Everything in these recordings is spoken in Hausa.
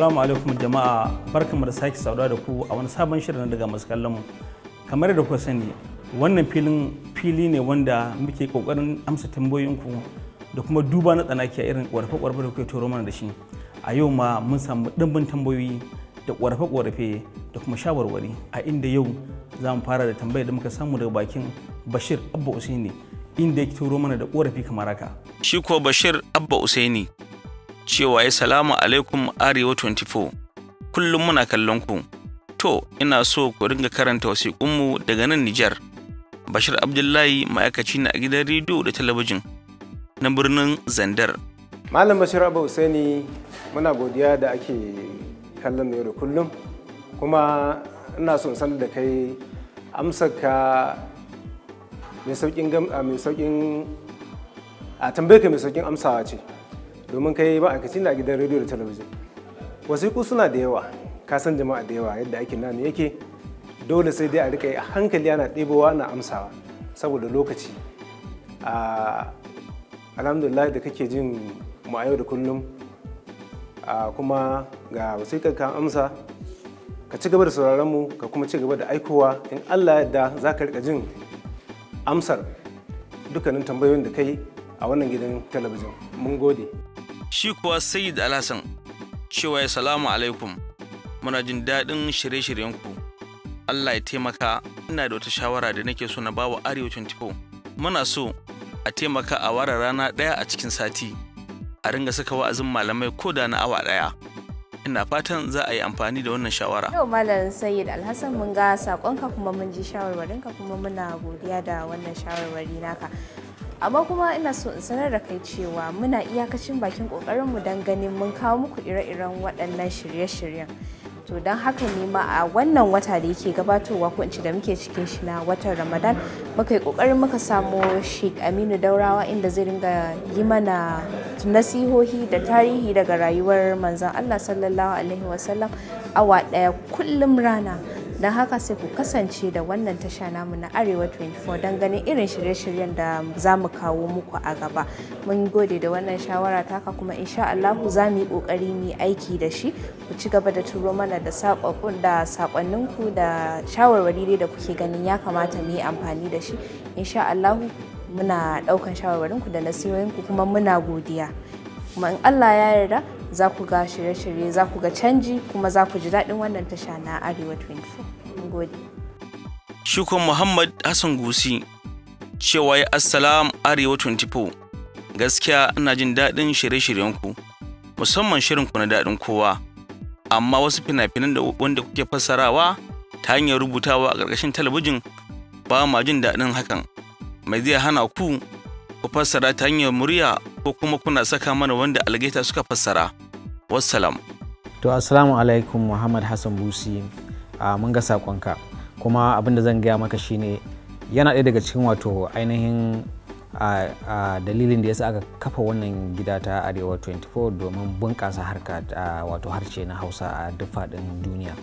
Assalamu alaikum jama'a barkanmu da sake saduwa da ku a wani sabon shirin daga masu kallon mu. Kamar da ku sani wannan filin fili ne wanda muke kokarin amsa tambayoyin ku da kuma duba na tsanaki a irin ƙwarfe kwarfe da kuke toro mana da shi. A yau ma mun samu ɗimbin tambayoyi da ƙwarfe-ƙwarfe da kuma shawarwari a inda yau za mu fara da tambayar da muka samu daga bakin Bashir Abba Usaini inda yake turo mana da korafi kamar haka. Shi ko Bashir Abba Usaini cewa ya salamu alaikum arewa 24 kullum muna kallon ku to ina so ku ringa karanta wasiƙunmu daga nan Nijar Bashir Abdullahi ma'aikaci na a gidan rediyo da talabijin na birnin Zandar Malam Bashir Abu Usaini muna godiya da ake kallon yau da kullum kuma ina son sanar da kai amsarka mai saukin a tambayar ka mai saukin amsawa ce domin kai ma'aikaci ne a gidan rediyo da talabijin wasiƙu suna da yawa ka san jama'a da yawa yadda aikin namu yake dole sai dai a rika a hankali ana ɗebowa na amsawa saboda lokaci alhamdulillah da kake jin mu da kullum kuma ga wasiƙar ka amsa ka ci gaba da sauraron mu ka kuma ci gaba da aikowa in allah yadda za ka rika jin amsar dukkanin tambayoyin da kai a wannan gidan talabijin mun gode Shi kuwa Sayyid Alhassan cewa ya salamu alaikum muna jin daɗin shirye-shiryenku. Allah ya taimaka ina da wata shawara da nake so na bawa Arewacin Tifo. Muna so a taimaka a ware rana ɗaya a cikin sati. A ringa saka wa'azin malamai ko da na awa ɗaya. ina fatan za a yi amfani da wannan shawara. Yau Malam Sayyid Alhassan mun ga sakonka kuma mun ji shawarwarinka kuma muna godiya da wannan shawarwari naka. amma kuma ina so in sanar da kai cewa muna iyakacin bakin mu don ganin mun kawo muku ire-iren waɗannan shirye-shiryen to don haka ne ma a wannan wata da yake gabatowa ko da muke cikin shi na watan ramadan muka yi kokarin muka samo sheik aminu daurawa inda zai ringa yi mana nasihohi da tarihi daga rayuwar manzon allah sallallahu alaihi wasallam awa daya kullum rana don haka sai ku kasance da wannan tasha namu na arewa 24 don ganin irin shirye-shiryen da za mu kawo muku a gaba mun gode da wannan shawara taka kuma insha Allahu za mu yi kokari mu aiki da shi ku ci gaba da turo mana da sakonnin da sakonninku da shawarwari da kuke ganin ya kamata mu yi amfani da shi insha Allahu muna daukan ku da ku kuma muna godiya kuma in Allah ya yarda za ku ga shirye-shirye za ku ga canji kuma za ku ji daɗin wannan tasha na Arewa 24. gode. Shukon Muhammad Hassan Gusi cewa ya Assalam Arewa 24 gaskiya ina jin daɗin shirye-shiryenku musamman shirinku na daɗin kowa amma wasu fina-finan da wanda kuke fassarawa ta hanyar rubutawa a ƙarƙashin talabijin ba ma jin daɗin hakan mai zai hana ku ku fassara ta hanyar murya ko kuma kuna saka mana wanda algaita suka fassara wassalam to assalamu alaikum muhammad hassan busi ah, mun ga sakonka kuma abin da zan gaya maka shine yana ɗaya daga cikin wato ainihin ah, ah, dalilin da ya sa aka kafa wannan gida ta arewa 24 domin bunƙasa harka wato harshe na hausa a duk faɗin duniya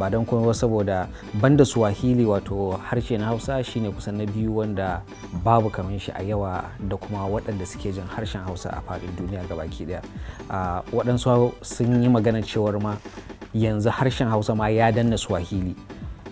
ba don ba saboda banda swahili wato harshe na hausa shine kusan na biyu wanda babu kamar shi a yawa da kuma waɗanda suke jin harshen hausa a faɗin duniya baki ɗaya waɗansu sun yi magana cewar ma yanzu harshen hausa ma ya danna swahili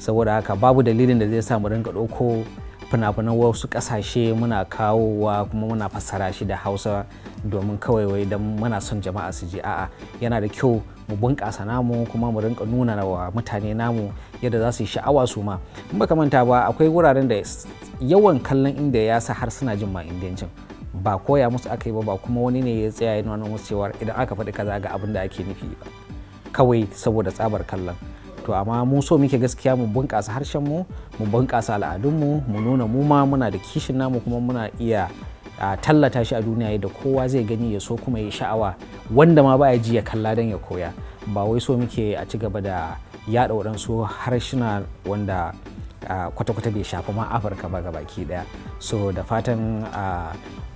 saboda haka babu dalilin da zai sa mu rinka ɗauko fina-finan wasu ƙasashe muna kawowa kuma muna fassara shi da hausa domin kawai wai don muna son jama'a su je a'a yana da kyau mu bunƙasa namu kuma mu rinka nuna wa mutane namu yadda za su yi sha'awa su ma in baka manta ba akwai wuraren da yawan kallon inda ya sa har suna jin ma indiyancin ba koya musu aka yi ba ba kuma wani ne ya tsaya ya nuna musu cewa idan aka faɗi kaza ga abin da ake nufi ba kawai saboda tsabar kallon to amma mu so muke gaskiya mu bunƙasa harshen mu mu bunƙasa al'adun mu mu nuna mu ma muna da kishin namu kuma muna iya a tallata shi a duniya da kowa zai gani ya so kuma ya sha'awa wanda ma baya ji ya kalla don ya koya ba wai so muke a ci gaba da yaɗa waɗansu harshina wanda kwata-kwata bai shafi ma afirka ba ga baki daya so da fatan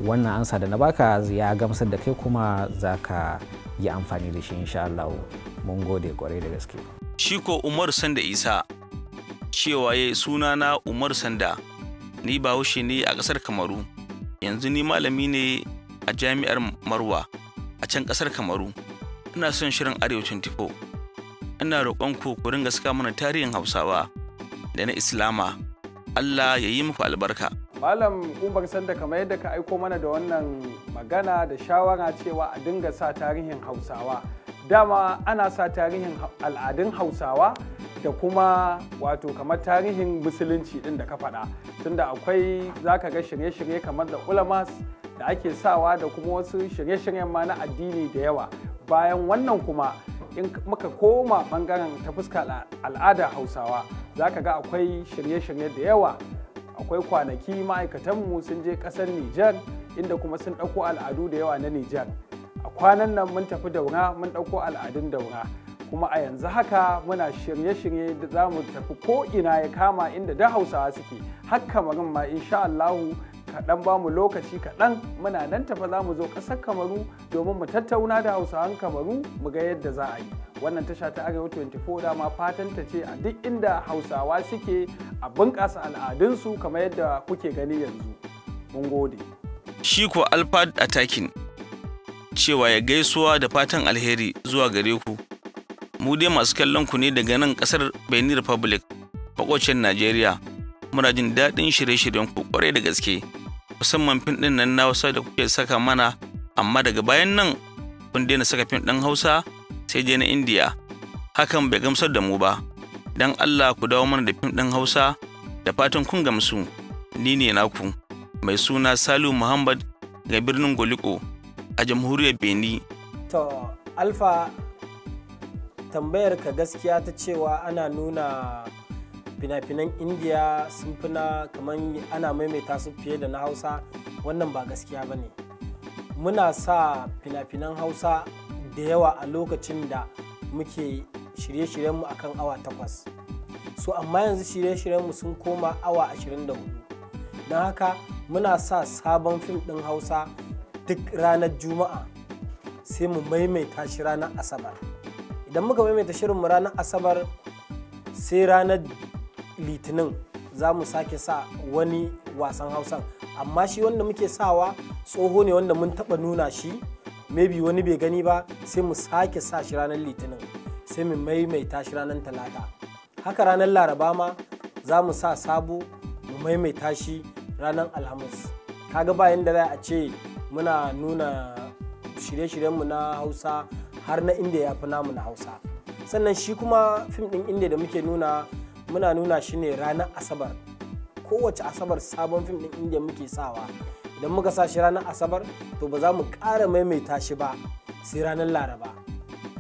wannan ansa da na baka ya gamsar da kai kuma za ka yi amfani da shi insha Allah mun gode kwarai da gaske shiko ko umar sanda isa cewa ya sunana umar sanda ni bahaushe ne a ƙasar kamaru yanzu ni malami ne a jami'ar marwa a can ƙasar kamaru ina son shirin arewa 24 ina roƙon ku ku ringa saka mana tarihin hausawa da na islama allah ya yi muku albarka malam umar sanda kamar yadda ka aiko mana da wannan magana da shawara cewa a dinga sa tarihin hausawa dama ana sa tarihin al'adun hausawa da kuma wato kamar tarihin musulunci din da ka faɗa tunda akwai zaka ga shirye-shirye kamar da ulamas da ake sawa da kuma wasu shirye-shiryen ma na addini da yawa bayan wannan kuma in muka koma bangaren ta fuska al'ada hausawa zaka ga akwai shirye-shirye da yawa akwai kwanaki ma'aikatanmu sun je ƙasar Nijar inda kuma sun ɗauko al'adu da yawa na Nijar. A kwanan nan mun tafi daura mun ɗauko al'adun daura. kuma a yanzu haka muna shirye-shirye da za mu tafi ko'ina ya kama inda da hausawa suke haka marin ma insha Allahu kaɗan ba mu lokaci kaɗan muna nan tafa za mu zo ƙasar kamaru domin mu tattauna da hausawan kamaru mu ga yadda za a yi wannan tasha ta arewa 24 dama fatan ta ce a duk inda hausawa suke a bunƙasa al'adunsu kamar yadda kuke gani yanzu mun gode shi ko alfad attacking cewa ya gaisuwa da fatan alheri zuwa gare ku mu dai masu kallon ku ne daga nan kasar Benin Republic, makwacin Najeriya. Muna jin daɗin shirye-shiryen ku kwarai da gaske, musamman fim ɗin nan na Hausa da kuke saka mana, amma daga bayan nan kun daina saka fim ɗin Hausa sai dai na Indiya. Hakan bai gamsar da mu ba. Dan Allah ku dawo mana da fim ɗin Hausa da fatan kun gamsu. Ni ne naku mai suna Salu Muhammad ga birnin Goliko a jamhuriyar Benin. To, Alfa tambayar ka gaskiya ta cewa ana nuna fina-finan indiya sun fina kamar ana maimaita su fiye da na hausa wannan ba gaskiya ba ne muna sa fina-finan hausa da yawa a lokacin da muke shirye-shiryenmu akan awa takwas so amma yanzu shirye-shiryenmu sun koma awa 24 don haka muna sa sabon fim ɗin hausa duk ranar juma'a sai mu maimaita shi ranar asabar idan muka maimaita shirin ranar asabar sai ranar litinin za mu sake sa wani wasan hausan amma shi wanda muke sawa tsoho ne wanda mun taba nuna shi maybe wani bai gani ba sai mu sake sa shi ranar litinin sai mu maimaita shi ranar talata haka ranar laraba ma za mu sa sabo mu maimaita shi ranar alhamis kaga bayan da za a ce muna nuna shirye-shiryenmu na hausa har na inda ya fi namu na hausa sannan shi kuma fim ɗin inda da muke nuna muna nuna shi ne ranar asabar kowace asabar sabon fim ɗin inda muke sawa idan muka sa shi ranar asabar to ba za mu ƙara maimaita shi ba sai ranar laraba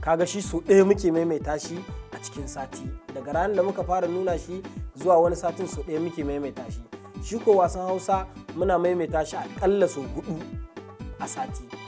kaga shi so ɗaya muke maimaita shi a cikin sati daga ranar da muka fara nuna shi zuwa wani satin so ɗaya muke maimaita shi shi ko wasan hausa muna maimaita shi aƙalla sau hudu a sati